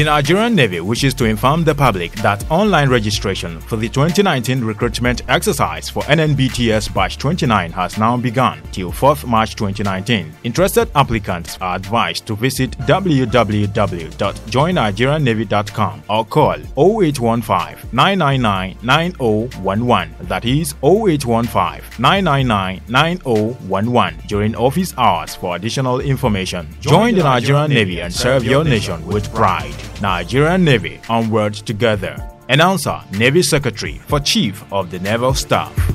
The Nigerian Navy wishes to inform the public that online registration for the 2019 recruitment exercise for NNBTS Batch 29 has now begun till 4th March 2019. Interested applicants are advised to visit www.joinnigeriannavy.com or call 0815 999 9011. That is 0815 999 9011 during office hours for additional information. Join, Join the Nigerian, Nigerian Navy and serve your nation with pride. Nigerian Navy onward together. Announcer, Navy Secretary for Chief of the Naval Staff.